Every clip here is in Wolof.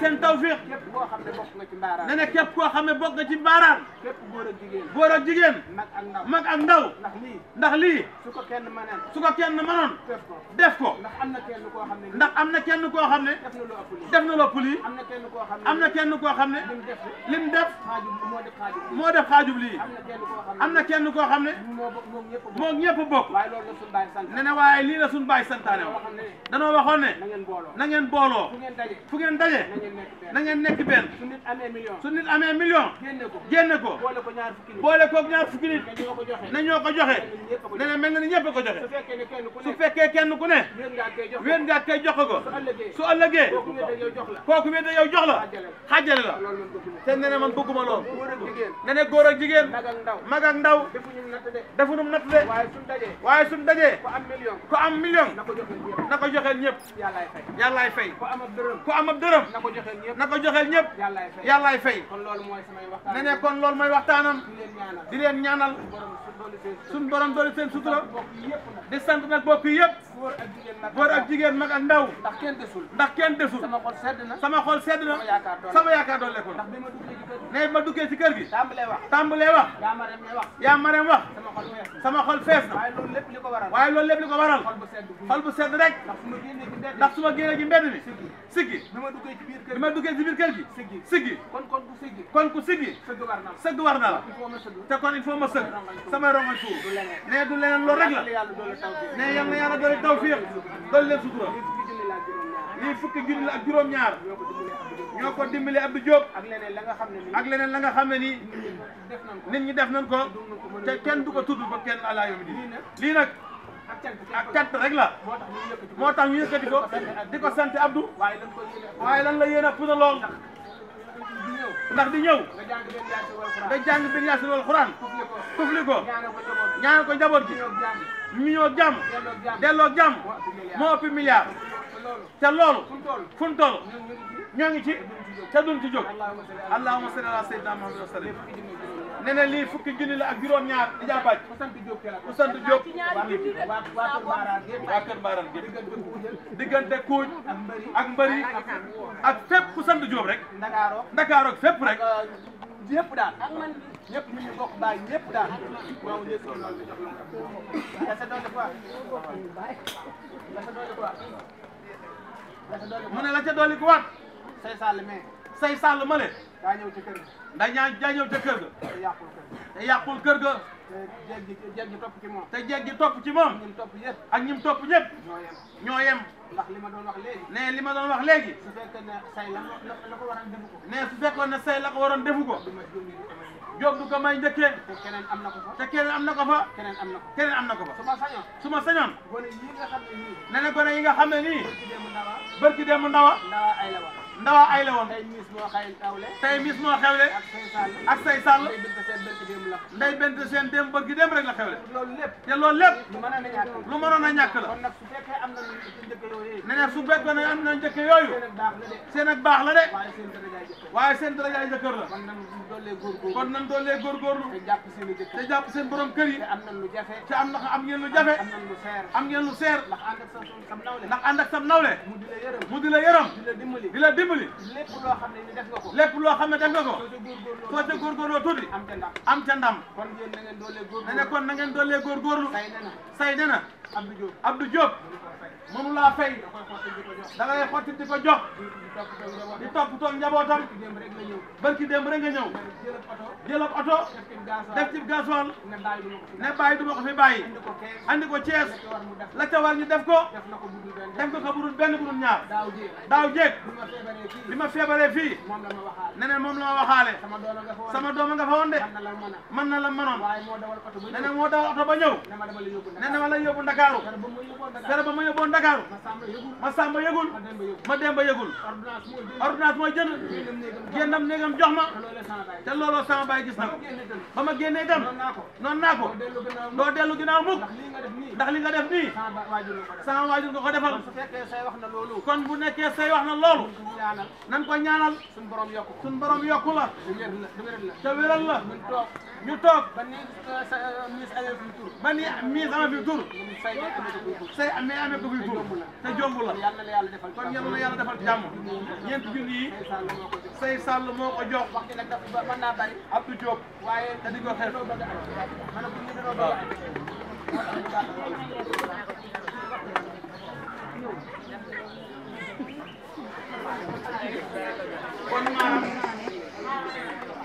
Serigne seen tawfiix. képp koo xam ne bokk nga ci mbaaraan nee na képp koo xam ne bokk nga ci mbaaraan. képp góor ak jigéen góor ak jigéen. mag ak ndaw mag ak ndaw. ndax lii ndax lii. su ko kenn mënoon su ko kenn mënoon. def ko def ko. ndax am na kenn koo xam ne. ndax am na kenn koo xam ne. def na lopp lii am na kenn koo xam ne lim def moo def xaajub lii am na kenn koo xam ne moom ñëpp bokk ne ne waaye lii la suñ bàyyi santaane wax danoo waxoon ne na ngeen booloo fu ngeen daje na ngeen nekk benn su nit amee million génne ko boole koog ñaar fukki nit ne ñoo ko joxe ne ne mel na ni ñëpp ko joxe su fekkee kenn ku ne wéen ngaa koy joxe ko su ëllëgee kooku wéet yow jox la xaajale la te nee na man bëgguma lool nee na góor ak jigéen mag ak ndaw defu num natt de waaye suñ dajee ku am million na ko joxeel ñëpp yàllaay fay ku am ab dërëm na ko joxeel ñëpp yàllaay fay nee na kon loolu mooy waxtaanam di leen ñaanal suñ borom doole seen sutura di sant nag bokk yi yëpp góor ak jigéen mag góor ndaw. ndax kenn desul. sama xol sedd na. sama yaakaar doon lekkoon. ndax bi ma duggee ci kër gi. ne wax. yaa ma wax. sama xol fees na. sama xol fees na. xol bu sedd rek. ndax su ma génnee ci siggi bi ma duggee ci biir kër gi siggi siggi ku siggi. siggi. war na la sëgg war na la. te kon il faut ma sëgg. rek la. ne yal na yàlla doole tawféex dal leen sutura lii fukki junni la ak juróom-ñaar ñoo ko dimbale Abdou Diop ak leneen la nga xam ne nii ak leneen la nga xam ne nii nit ñi def nañ ko te kenn du ko tudd ba kenn àllaa yomi di lii nag ak cant rek la moo tax ñu yëkkati ko di ko sant Abdou waaye lan la yéen a puna lool ndax di ñëw nga jàng benn yaasin wal xuraan tufli ko ñaanal ko njaboot gi million jàmm delloo jàmm moo ëpp milliard ca loolu fu mu toll ñoo ngi ci te duñ ci jóg allahumma salli ala sayyidina Muhammad wa sallim nee na lii fukki junni la ak juróom-ñaar di jàppaaj ku sant Diop waa Kër Mbaaraan gépp diggante Kuuj ak Mbëri ak fépp ku sant Diop rek Ndakaaroog fépp rek yëpp daal ñëpp ñu ngi bokk bàyyi ñëpp daal waaw ñëpp ñu ngi lasa doole quoi lasa doole quoi lasa doole mu ne la ca doole ku waat say sàll mais say sàll ma le daa ñëw ca kër ga daa daa ñëw ca kër ga te yàqul kër ga te yàqul kër ga te jeeg gi jeeg gi topp ci moom te jeeg gi topp ci moom ñim topp yëpp ak ñim topp ñëpp ñoo yem ñoo yem ndax li ma doon wax léegi ne li ma doon wax léegi su fekkoon ne say la la ko waroon defu ko ne su fekkoon ne say la ko waroon defu ko Diop du ko may njëkkee. keneen am na ko fa. te keneen am na ko fa. keneen am na ko keneen am na ko fa. su ma sañoon su ma gone yi nga xam ne nii. nee na gone yi nga xam ne nii. barki démb ndawa. barki démb ndawa. ay la ndawaa ay la woon tey mis moo xewle tey mis moo xewle ak say sàll nday bent seen démb ba gi dem rek la xewle loolu lépp te loolu lépp lu mënoon a ñàkk la ne ne su fekkoon ne am na njëkk yooyu seen ak baax la de waaye seen darajaay jëkkër la kon nan doolee góorgóorlu te jàpp seen borom kër yi te am na am ngeen lu jafe am ngeen lu seer ndax ànd ak sam nawle mu di la yërëm di la dimbali dimbali lépp loo xam ne def nga ko lépp loo xam ne def nga ko soo ca góorgóorloo a am ca ndam am ca ndam kon yéen na ngeen ne kon na ngeen doolee góorgóorlu say nena fay da xotti di ko jox di toppatoo njabootam barki démb rek nga ñëw jël ab oto def ci gasoil ne bàyyi du ma ko fi bàyyi andi ko Thiès la ca war ñu def ko def ko ko budul benn budul ñaar daaw jéeg bi ma feebaree fii ne moom la waxaale sama dooma nga fa woon de na la mënoon moo dawal oto ba ñëw ne ma la yóbbu Ndakaaru fere ba ma yóbboon Ndakaaru ma sàmba yëgul ma demba yëgul ordonnance mooy jënd génnam néegam jox ma te a sama baay gis na ko ba ma génnee dem noonu naa ko doo dellu ginnaaw mukk ndax li nga def nii sama waajur nga ko defal kon bu nekkee say wax na loolu nan ko ñaanal sun borom yokku la te ñu toog ba ni sa ministre Aliou saya tur ba saya mise sama fi tur say amee amee ko fi saya te jomb la kon yàlla na yàlla defal jàmm ñeent junni yi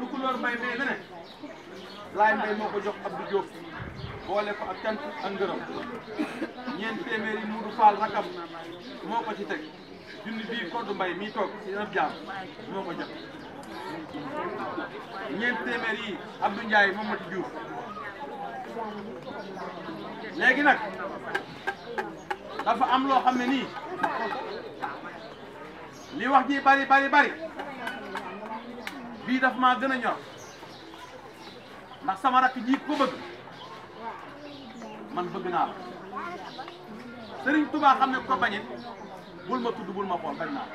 lu couleur mbay mbay la ne laay mbay moo ko jox Abdou Diop boole ko ak cant ak ngërëm ñeent téeméeri Moodu Fall rakam moo ko ci teg junni bii koddu mbay mii toog si ab jaam moo ko jox ñeent téeméer yi Abdou Ndiaye moom ma ci Diouf léegi nag dafa am loo xam ne nii li wax ji bari bari bari bii daf ma gën a ñor ndax sama rakk ji ko bëgg man bëgg naa la sëriñ Tuubaa xam ne ko bañit bul ma tudd bul ma xool bañ naa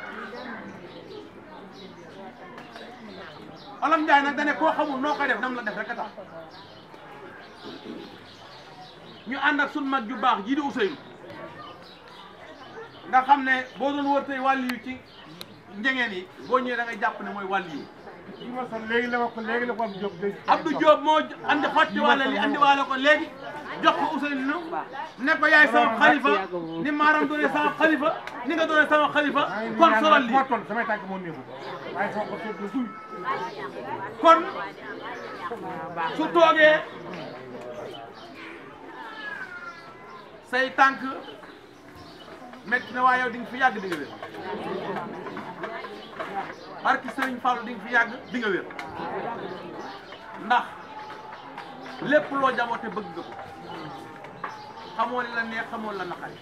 olam Njaay nag dane koo xamul noo koy def nam la def rek a tax ñu ànd ak sun mag ju baax jii di Ousseynou nga xam ne boo doon wër tey wàllu yu ci njëngeen yi boo ñëwee da ngay jàpp ne mooy wàll yi léegi la ko léegi la ko am Diop Abdou Diop moo andi xotti wala li andi wala ko léegi jox ko Ousseynou ne ko yaay sama xalifa ni maaram doone sama xalifa ni nga kon solal li kon su toogee say tànk métti na waa yow di nga fi yàgg dëgg barki Serigne Fallou di nga yàgg di nga wér ndax lépp loo jaboote bëgg nga ko xamoo la neex xamoo la naqari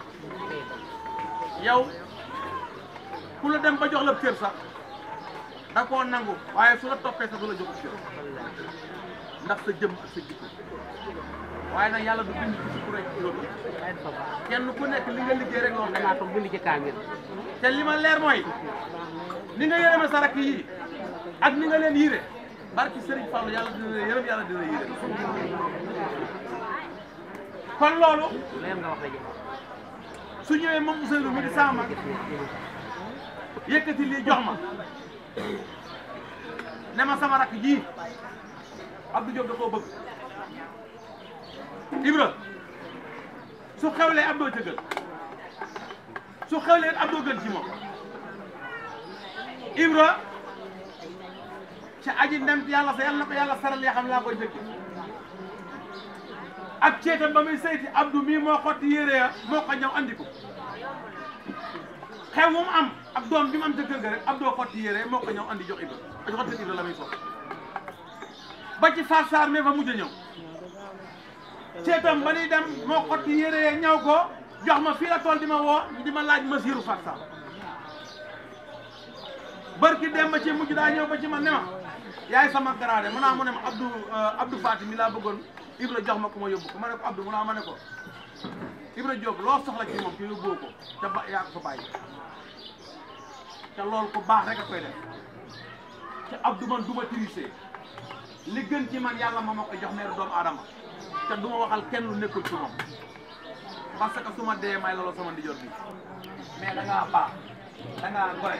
yow ku la dem ba jox la cër sax da nangu waaye su la toppee sax du la jox cër ndax sa jëm ak sa jikko waaye nag yàlla du bind ci ku rek loolu kenn ku nekk li nga liggéey rek loolu dangaa toog bind ci kaamil te li ma leer mooy ni nga yërëme sa rakk yii ak ni leen yiire barki Serigne Fall yàlla dina la yërëm yàlla dina la yiire kon loolu su ñëwee moom mi di sama yëkkati lii jox ma ne ma sama rakk jii Abdou Diop da koo bëgg Ibra su xewlee Abdou jëgal su xewlee Abdou gën ci moom Ibra ca aji ndem yàlla sa yàlla na ko yàlla saral yaa xam laa koy jëkk ak ceetam ba muy seyti Abdou mii moo xotti yére ya moo ko ñëw andi ko xew moom bi mu am ca kër ga rek Abdou xotti yére moo ko ñëw andi jox Ibra a jox xottal Ibra la muy soog ba ci Faar Saar mais fa mujj a ñëw ceetam ba nuy dem moo xotti yére ya ñëw ko jox ma fii la tool di ma woo di ma laaj masiru Faar Saar barki dem ba ci mujj daa ñëw ba ci ne ma yaay sama garaade mu naa ah, mu ne ma Abdou euh, Abdou Fatim mi laa bëggoon Ibra jox ma ko ma yóbbu ko ma ne ko Abdou mu naa ah, ma ne ko Ibra Diop loo soxla ci moom ci ko te ba yaa ko fa bàyyi te baax rek a koy def te Abdou man du ma tricher li gën ci man yàlla ma ma ko jox meer doomu aadama te du ma waxal kenn lu nekkul ci moom parce que su ma dee may loolu sama ndijoor bi mais da ngaa baax da gore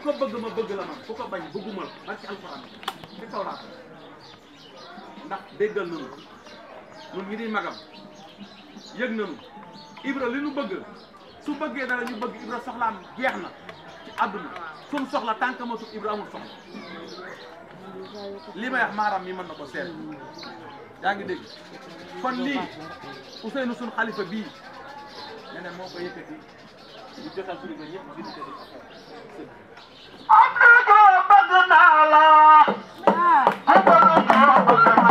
ku bëgg ma bëgg la man ku bëgg ma bëgguma la barki alxuraan ci tawraat ndax déggal nañu ñun ñi di magam yëg nañu Ibra li ñu bëgg su bëggee dara ñu bëgg Ibra soxlaam jeex na ci àdduna soxla tànk ma su Ibra amul soxla li may wax maaram mi mën na ko seet yaa ngi dégg kon lii Ousseynou suñ xalifa bii I'm not gonna bother now.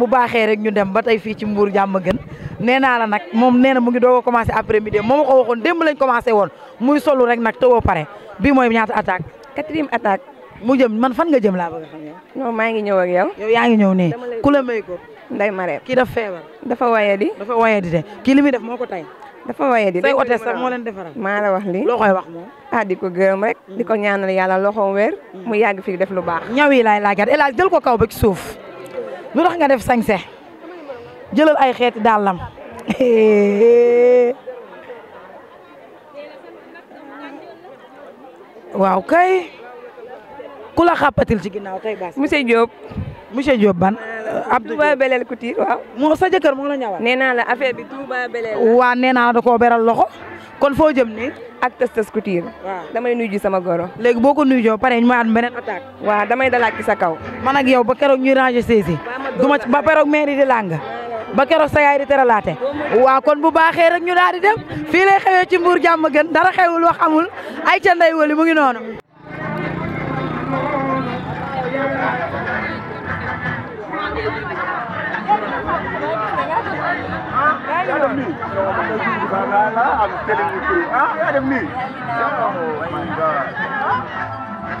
bu baxé rek ñu dem ba tay fi ci Mbour jamm gën nee la nak mom nee na mu ngi dogo commencé après midi ko lañ commencé won muy solo rek nak tawo pare bi moy ñaata attaque. 4e attaque. mu jëm man fan nga jëm la bëgg xam non ma ngi ñëw ak yow. yow ya ngi ñëw né ku la may ko. nday Marème kii dafa feebar. dafa wayé di. dafa wayé di de ki limi def moko tay dafa wayé di. say hôtesse sax mo leen défaral ma la wax li loo wax ah di ko rek. di ñaanal yalla wër mu yàgg fi def lu baax. ñaw yi laay laajaat El del ko kaw ba suuf lu tax nga def sañse jëlal ay xeeti dàllam waaw kay ku la xàppatil ci ginaaw tey baas monsieur Diop monsieur Diop ban euh, Abdou Touba Belel Couture waaw moo sa jëkkër moo la ñawal nee naa la affaire bi Touba Belel naa da beral loxo kon foo jëm nii ak tës tës couture damay nuyu ji sama goro léegi boo ko nuyu joo pare ma at beneen attaque damay dalaat ci sa kaw man ak yow ba keroog ñuy ranger saisi duma ba perok mairie di langga. ba saya sa yaay di teralaate wa kon bu baxé rek ñu daal di dem fi lay xewé ci mbour jamm gën dara xewul wax amul ay ca nday wali mu ngi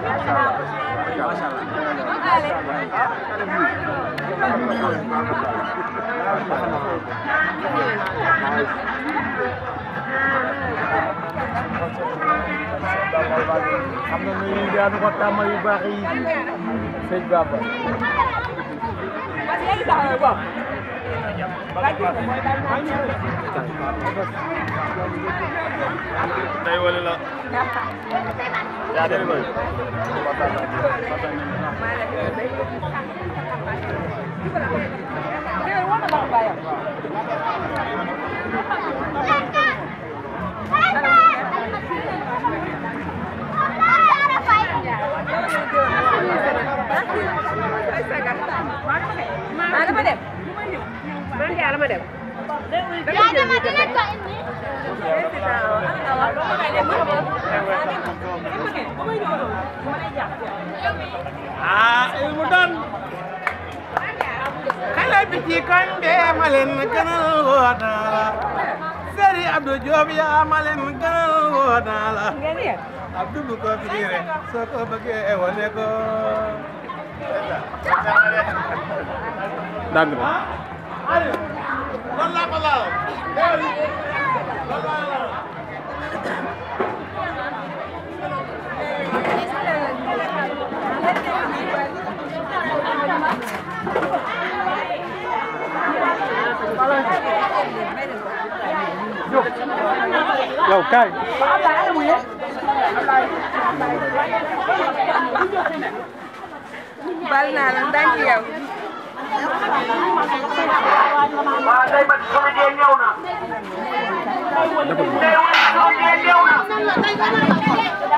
masalah, masalah, masalah, masalah, masalah, masalah, masalah, masalah, masalah, masalah, masalah, masalah, masalah, masalah, masalah am na ñuy daanu ko tàmmal yu baax yi sëñ Bamba day wala la yaa dégg Ah, ilmu eh, dan biki koñbe ma leen gënal woo naa la sëri Abdou Diop yaa ma leen gënal Abdou bu ko fiire soo ko yow kay bal naa la ndànk yow waa day ba sama dee ñëw na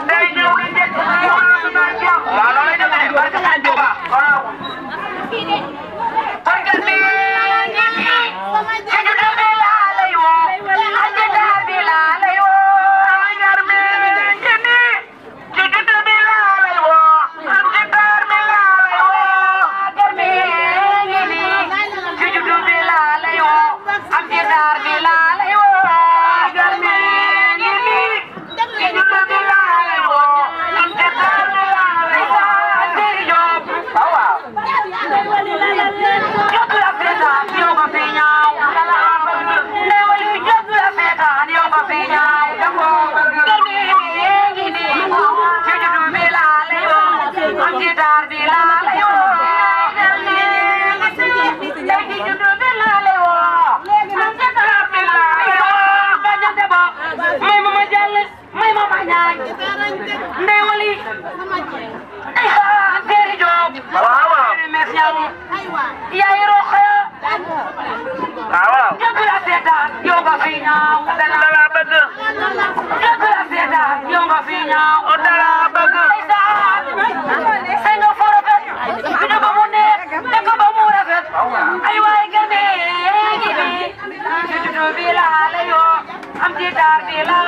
day ñëw na njëkk na yow na jàmm waaw loolu lay demee barke Sëñ Tuuba waaw barke Sëñ Tuuba lay woo ndewali isa seeri joob waaw yaay roxaya waaw dëgg la seetaan yow nga fi ñaaw dala bëgg dëgg la seetaan yow nga fi ñaaw dala bëgg isa say nga fa rafet dina ba mu neex dëkk ba mu rafet ay waay gane gi bi ci tutu bi la la yoo am ci taar bi la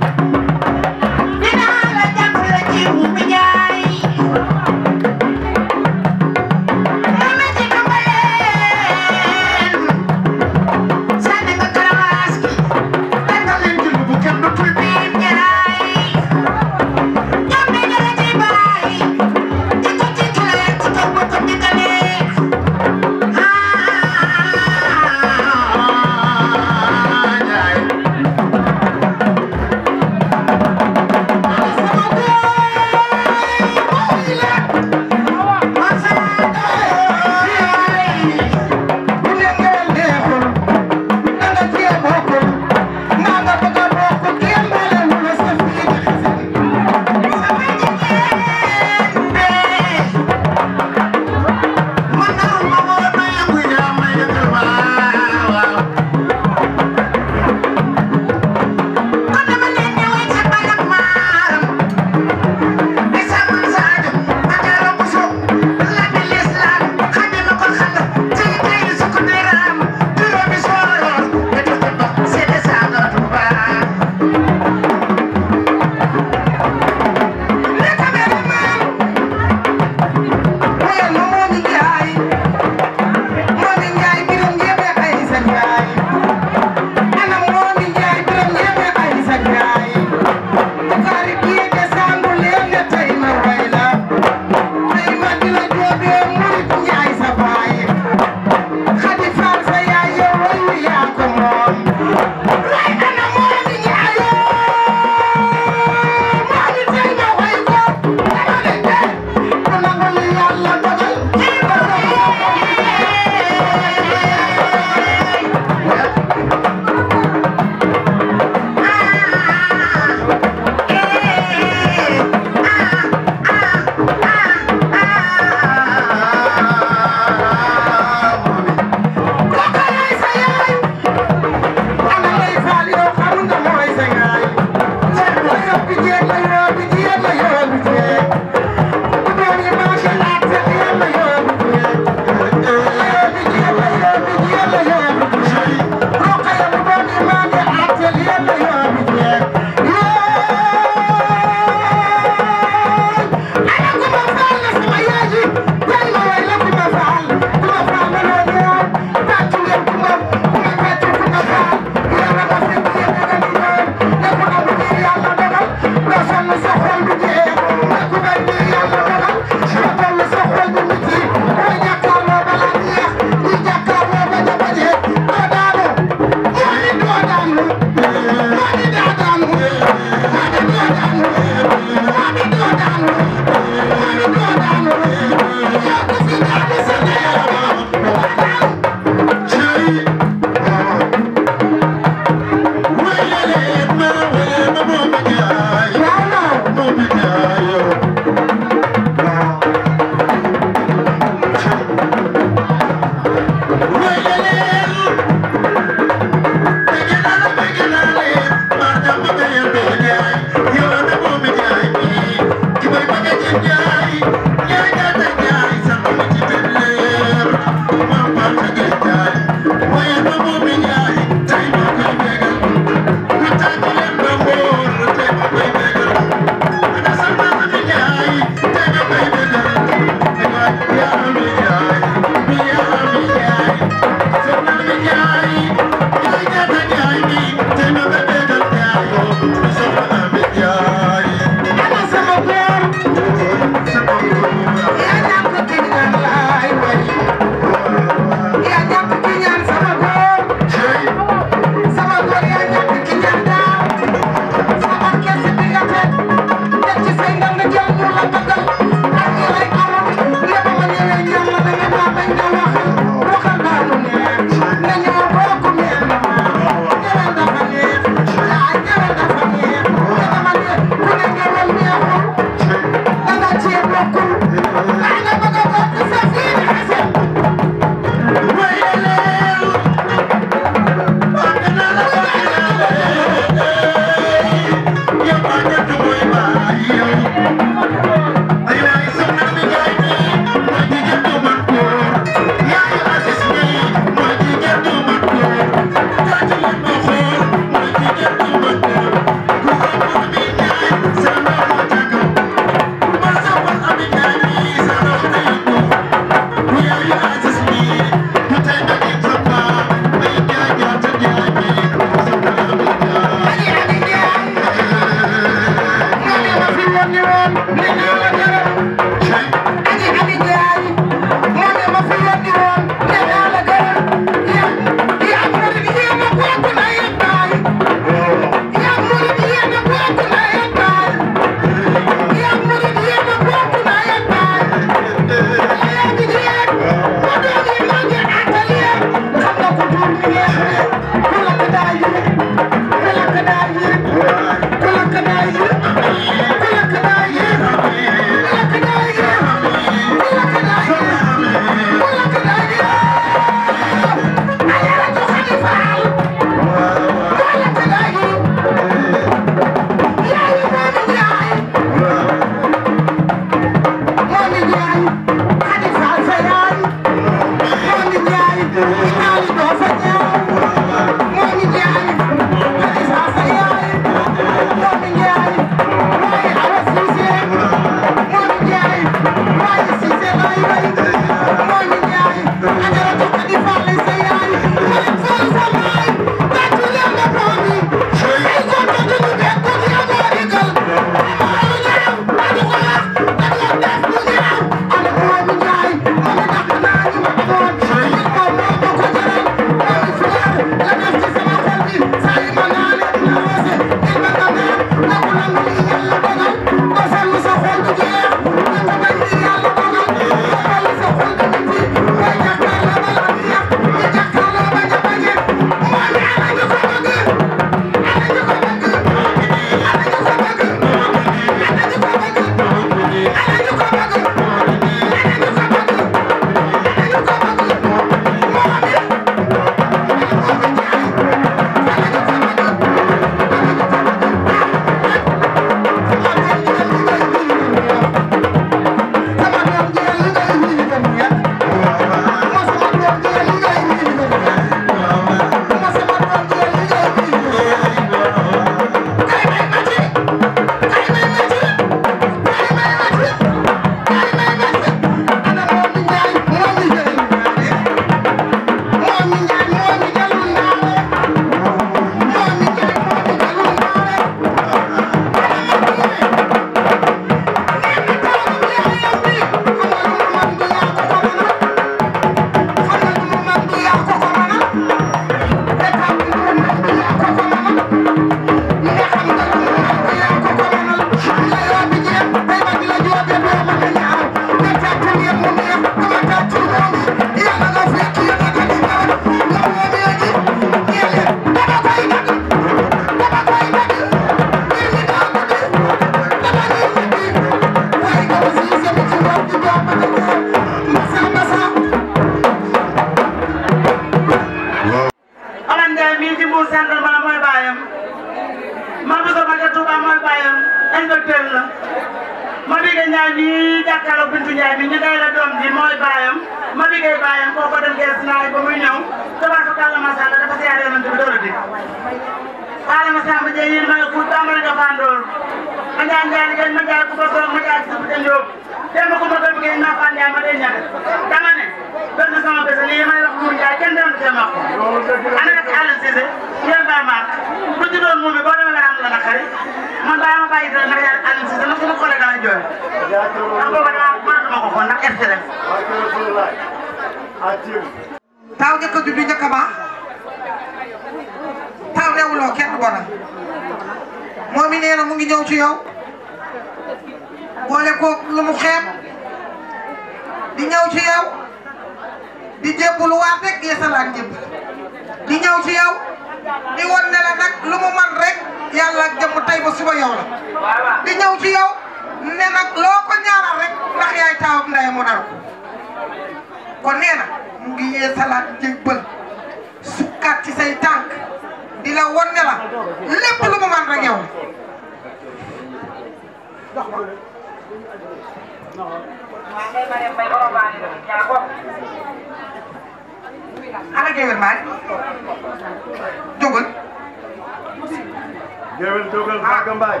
géwél jógal Baga ah. Mbaye.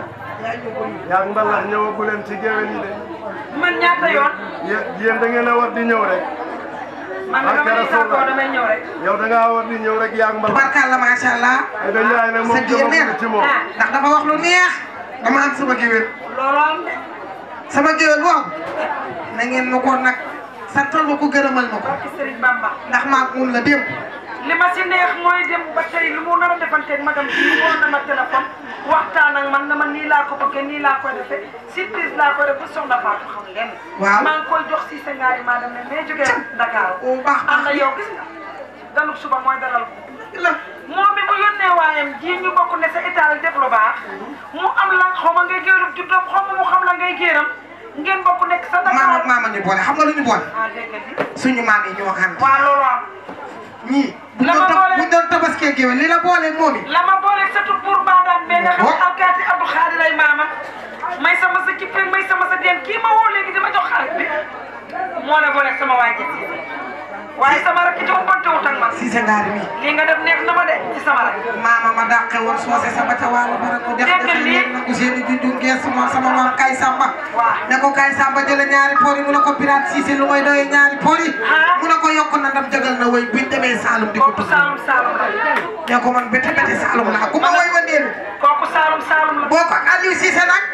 yaa mbalax ñëwagu leen ci géwél yi de. man ñaata da ngeen a war di ñëw rek. man dama lay sàkkoo di ñëw rek yaa mbalax. barkalla macha allah. te dañu yaay ne moom dama ci moom. Ah. ndax dafa wax lu neex. dama am sama géwél. looloo sama géwél boobu. na ngeen ma ko nag santal ma ko gërëmal ndax maa ngi la démb. li ma si neex mooy dem ba tey lu mu nar a defanteeg madame bi woon na ma téléphone waxtaan ak man na ma nii laa ko bëggee nii laa koy defee surprise laa koy def ba soxna Fatou xam leen. waaw maa ngi koy jox si sa ngaari maa dem ne mais jógee Dakar. na yow gis nga dalub suba mooy dalal ko. moom mi ji ñu bokk ne sa état def lu baax. Mhm. mu am la xaw ma ngay géeram juddoom xaw mu xam la ngay géeram. ngeen bokk nekk sa Dakar maam ak maam boole xam nga lu boole. ah dégg nga suñu maam yi ñoo ànd. waaw ñii. la ma boole bu doon li la boole moom it. la ma boole sëtu buur baadaan bee nga xam ne alkaati Abdou Xaadi lay maamam may sama sa kippe may sama sa den kii ma woo léegi dama jox xaalis bi moo la boole sama waa ji waaye sama rakk ci ëppante wut ak man. Cissé Ngaari mi. lii nga def neex na ma de ci sama rakk. maama ma dàqe soose sama ca waalo ma ko def. def na ko Ousseynou Doudou Ngees na ndam jagal boo ko Aliou Cissé nag.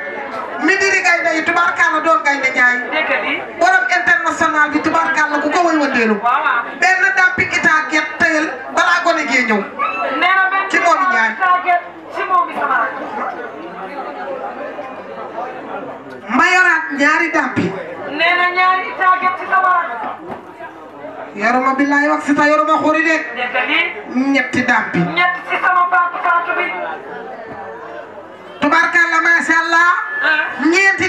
mi diri gaynde yi tubaarkàlla doon gaynde ñaay. dégg nga lii borom international bi tubaarkàlla ku ko woy wa benn dàmpi itaa gerte tëyal balaa gone gee ñëw. ci moom i ñaar. ñaari dàmpi. yoruma bi laay wax si de. ñetti dàmpi. ñetti si baatu baatu bi. tubaarkalla macha allah. Ah. ñeenti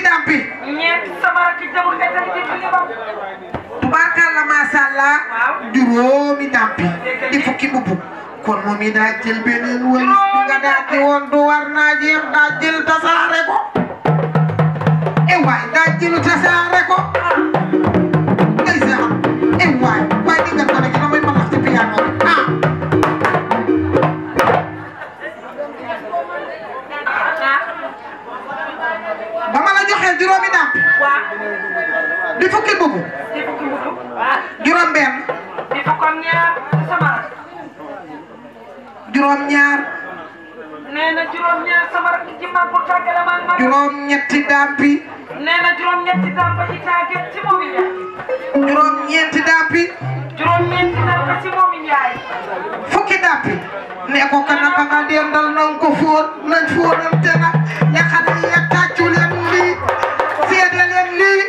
dampi. di fukki mbubb. kon moom it daa jël beneen wëlis war naa jeex daa jël tasaare ko. e waay daa ah. eh ma wax ci piano ah. di fukki mbubu di benn juróom ñaar nee di juróom ñaar sama rakk ci man pour tàggale man ma juróom ñetti dampi nee di juróom ñetti dampa ci tàggat ci moom njaay juróom ñeenti dampi juróom ñeenti dampa ci moom njaay fukki dampi ne ko kana ba di dendal non ko fóor nañ fóorante tena ya xale ya tàccu leen lii seede leen lii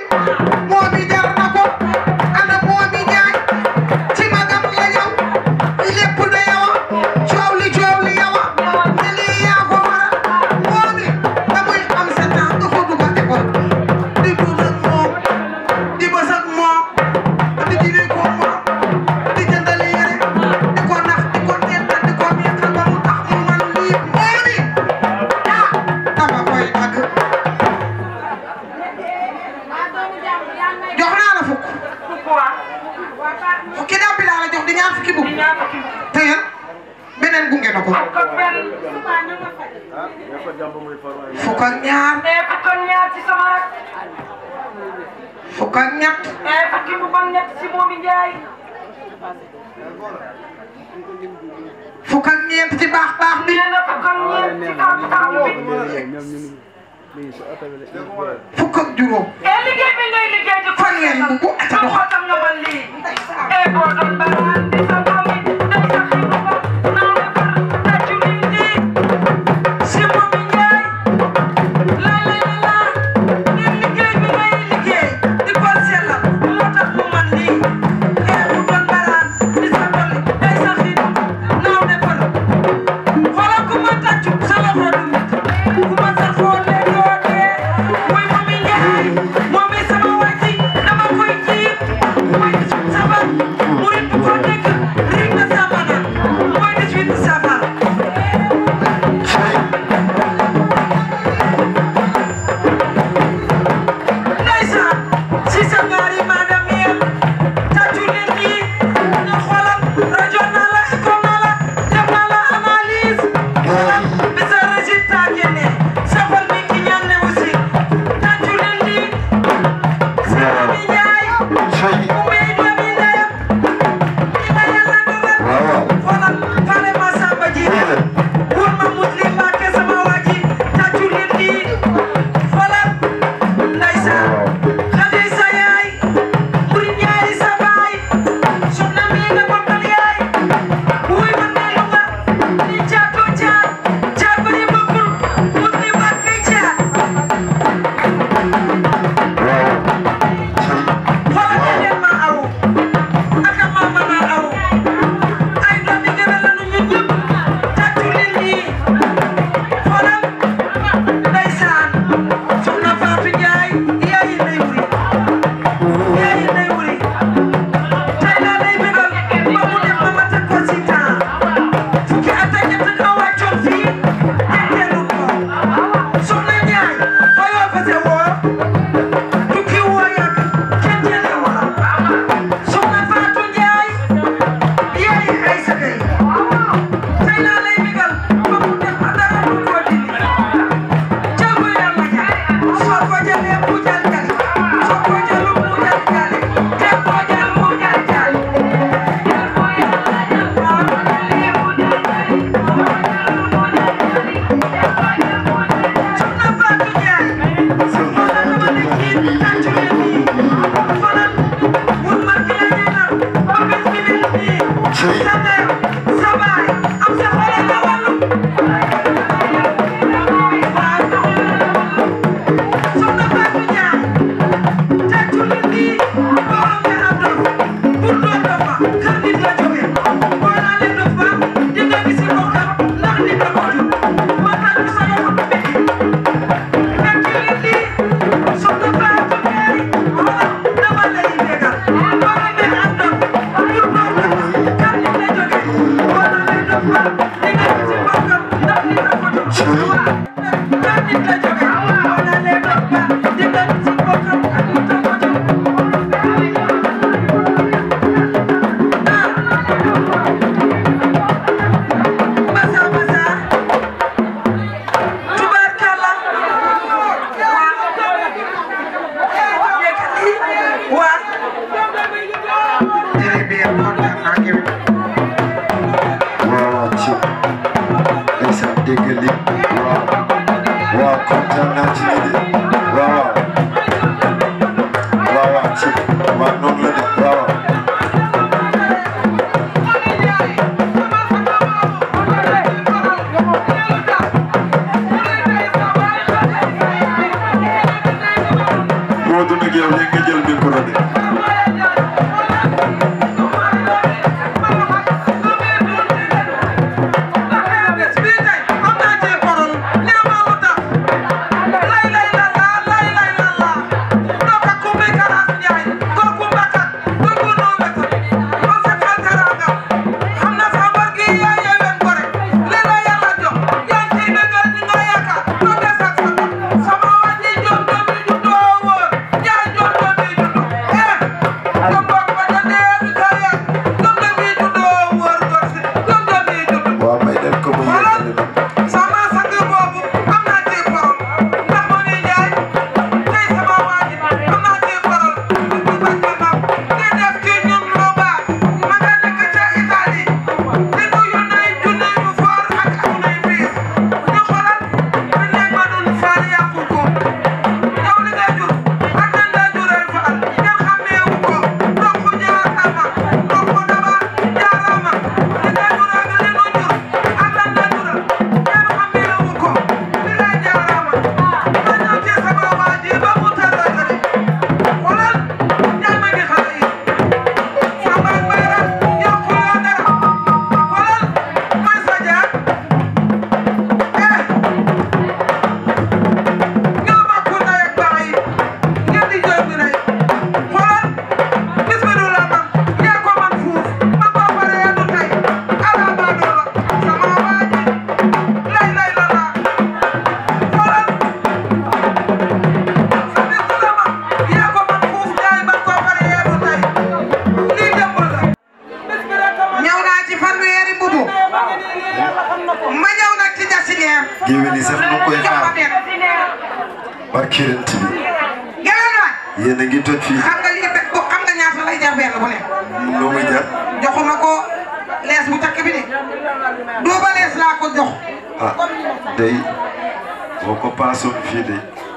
fii de.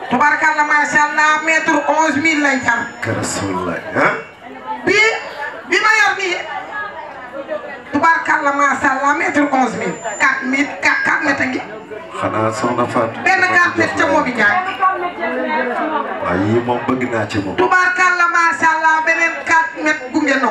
tubarkalla macha allah mètre onze mille lañ jar. karasulilah ah. bi bi ma yor nii tubarkalla macha allah mètre onze mille. quatre mille quatre quatre mètre ngi. xanaa soxna Fatou. benn quatre mètre ca moomu ñaar. waaye moom bëgg naa ci moom. tubarkalla macha allah beneen quatre mètre gunge na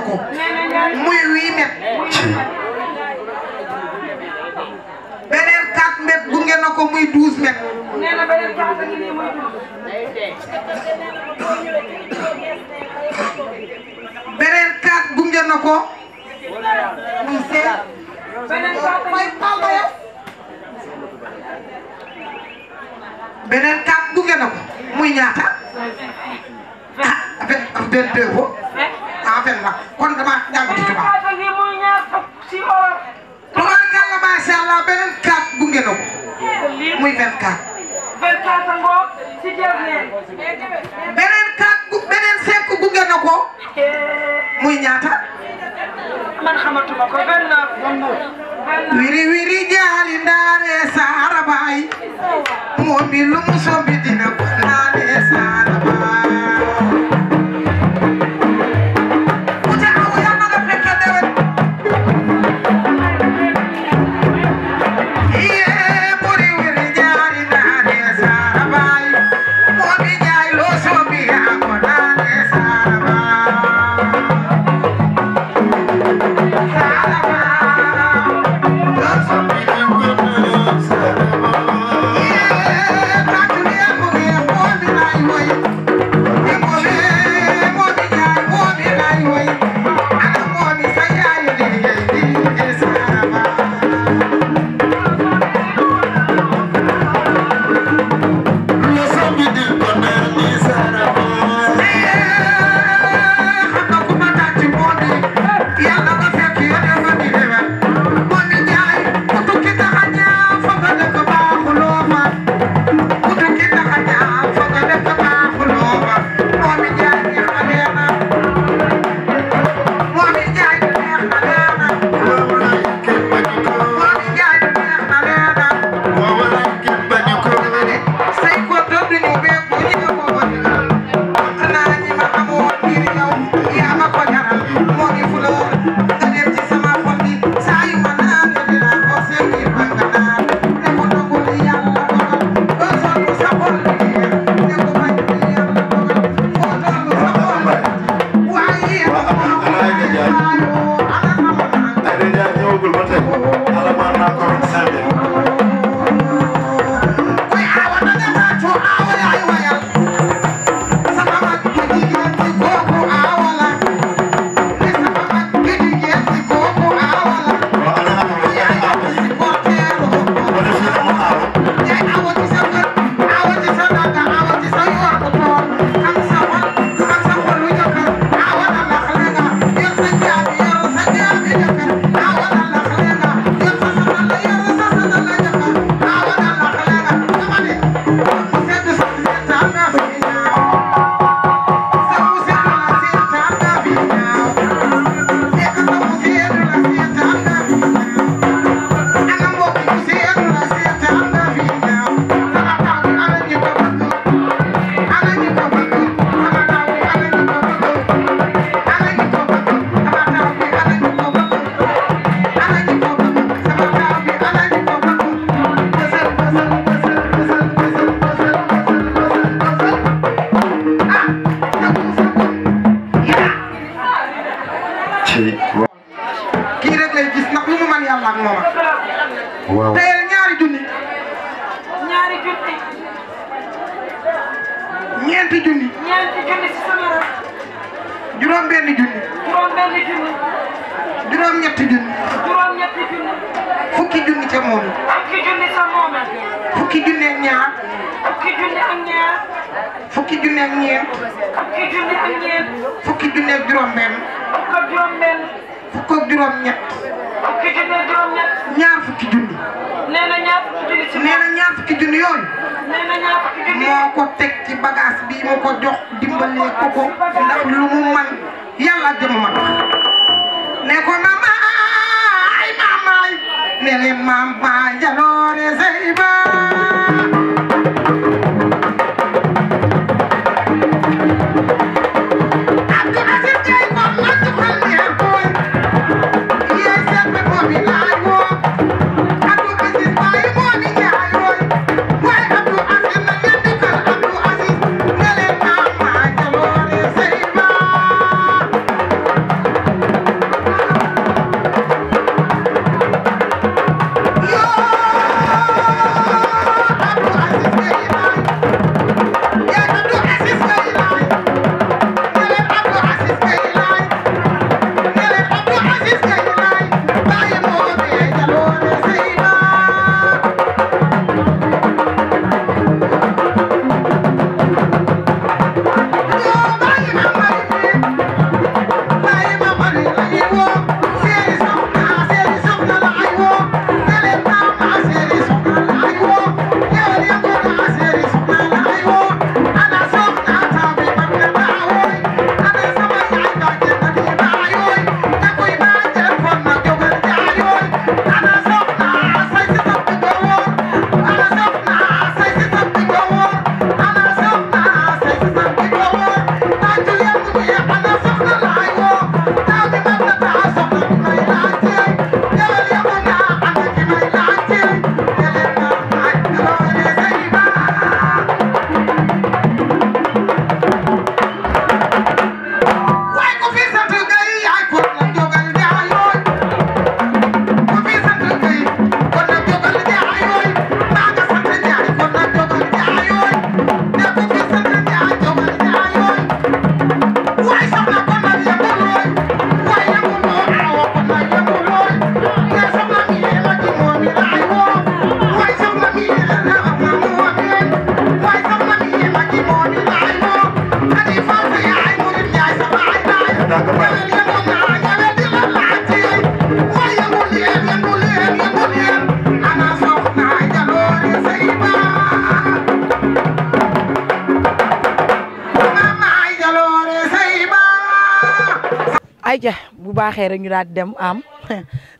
baaxee a ñu daal di dem am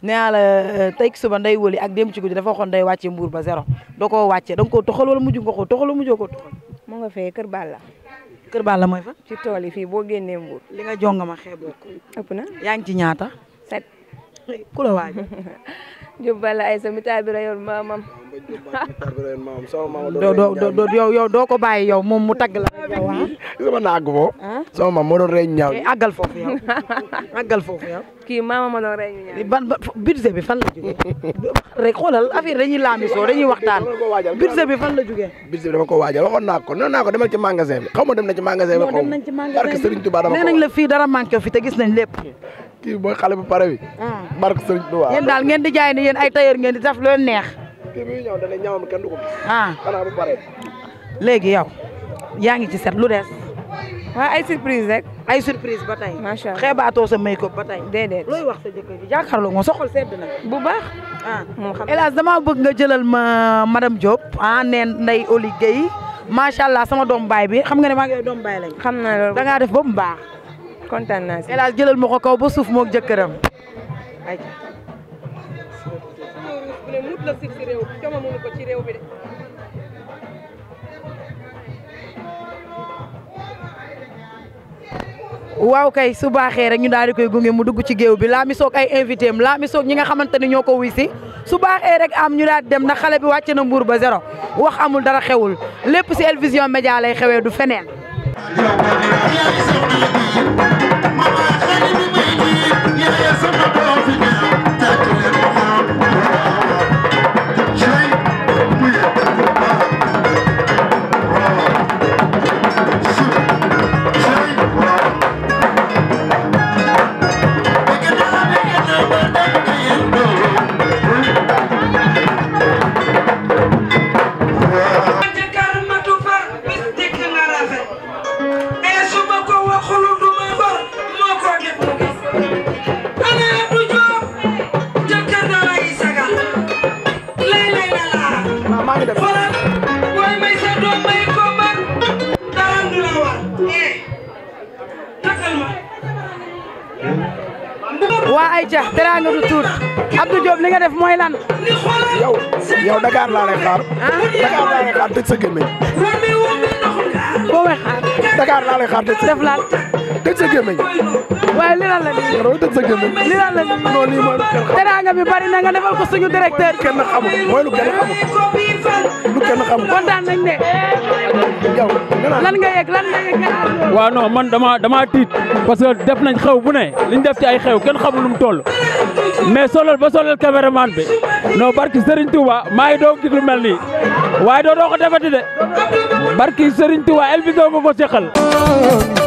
nee naa la euh, tey ki suba nday wëli ak démb ci guddi dafa waxoon day wàccee mbuur ba zéro da ko wàccee da ko koo toxal wala mujj nga koo toxal wala mujjoo koo toxal mu nga fee Kër Balla la Balla mooy fa ci tool yi fii boo génnee mbuur li nga jongama xeeboo ko ëpp na yaa ngi ci ñaata set ku la waaj Jubbala ay sa mitaay bi rayoon maamam. doo doo doo yow doo ko bàyyi yow moom mu tagg la. waaw sama naagu foofu. Ah. sama maam moo doon rey ñaaw eh, yi. àggal foofu yow foofu kii maama ma doon rey ñaaw eh, ban budget bi fan la jógee rek xoolal affaire dañuy laamisoo dañuy waxtaan budget bi fan la jógee. budget bi dama ko waajal waxoon naa ko nee naa ko demal ci magasin bi xaw ma dem na ci magasin bi. xaw ma barke Serigne Touba dama ko nee nañ la fii dara manqué fi te gis nañ lépp. kii mooy xale bu pare bi. Hmm. barke Serigne Touba. yéen daal ngeen di jaay ne yéen ay tailleur ngeen di def loolu neex. kii bi ñëw dañ ne ñaawam kenn ah. léegi yow yaa ngi ci set lu des waaw ay surprise rek. ay surprise ba tey. macha allah sa may ko ba tey. déedéet looy wax sa jëkkër ji jàkkaarloo nga soxal sedd na. bu baax. ah moom xam hélas damaa bëgg nga jëlal ma madame Diop. ah neen Ndeye Oli Guèye macha allah sama doom baay bi xam nga ne maa ngi doom baay lañ. xam naa loolu da def ba mu baax. kontaan naa si hélas jëlal ma ko kaw ba suuf moog jëkkëram. ci réew bi waaw kay su baaxee rek ñu daal di koy gunge mu dugg ci géew bi laa mi soog ay invité am laa mi soog ñi nga xamante ni ñoo ko wuy si su baaxee rek am ñu daal di dem ndax xale bi wàcc na mbuur ba zéro wax amul dara xewul lépp si El Vision lay xewee du feneen. yow Dakar laa lay xaar. Ah. Dakar laa lay xaar tëj sa gémmiñ. boo may xaar. Dakar laa lay xaar tëj sa. def laal tëj sa gémmiñ. waaye li lan la nii. yow tëj sa gémmiñ. li lan la nii. non lii mooy lu kenn xamul. teraanga bi bari na nga defal ko suñu directeur. kenn xamul mooy lu kenn xamul. lu kenn xamul. kontaan nañ de. yow lan nga yegg lan nga yegg. waaw non man dama dama tiit parce que def nañ xew bu ne liñ def ci ay xew kenn xamul lu mu toll. mais solal ba solal cameraman bi non barki Serigne Touba maa ngi doon gis lu mel nii waaye doo doo ko defati de barki Serigne Touba Elvision ma ko seqal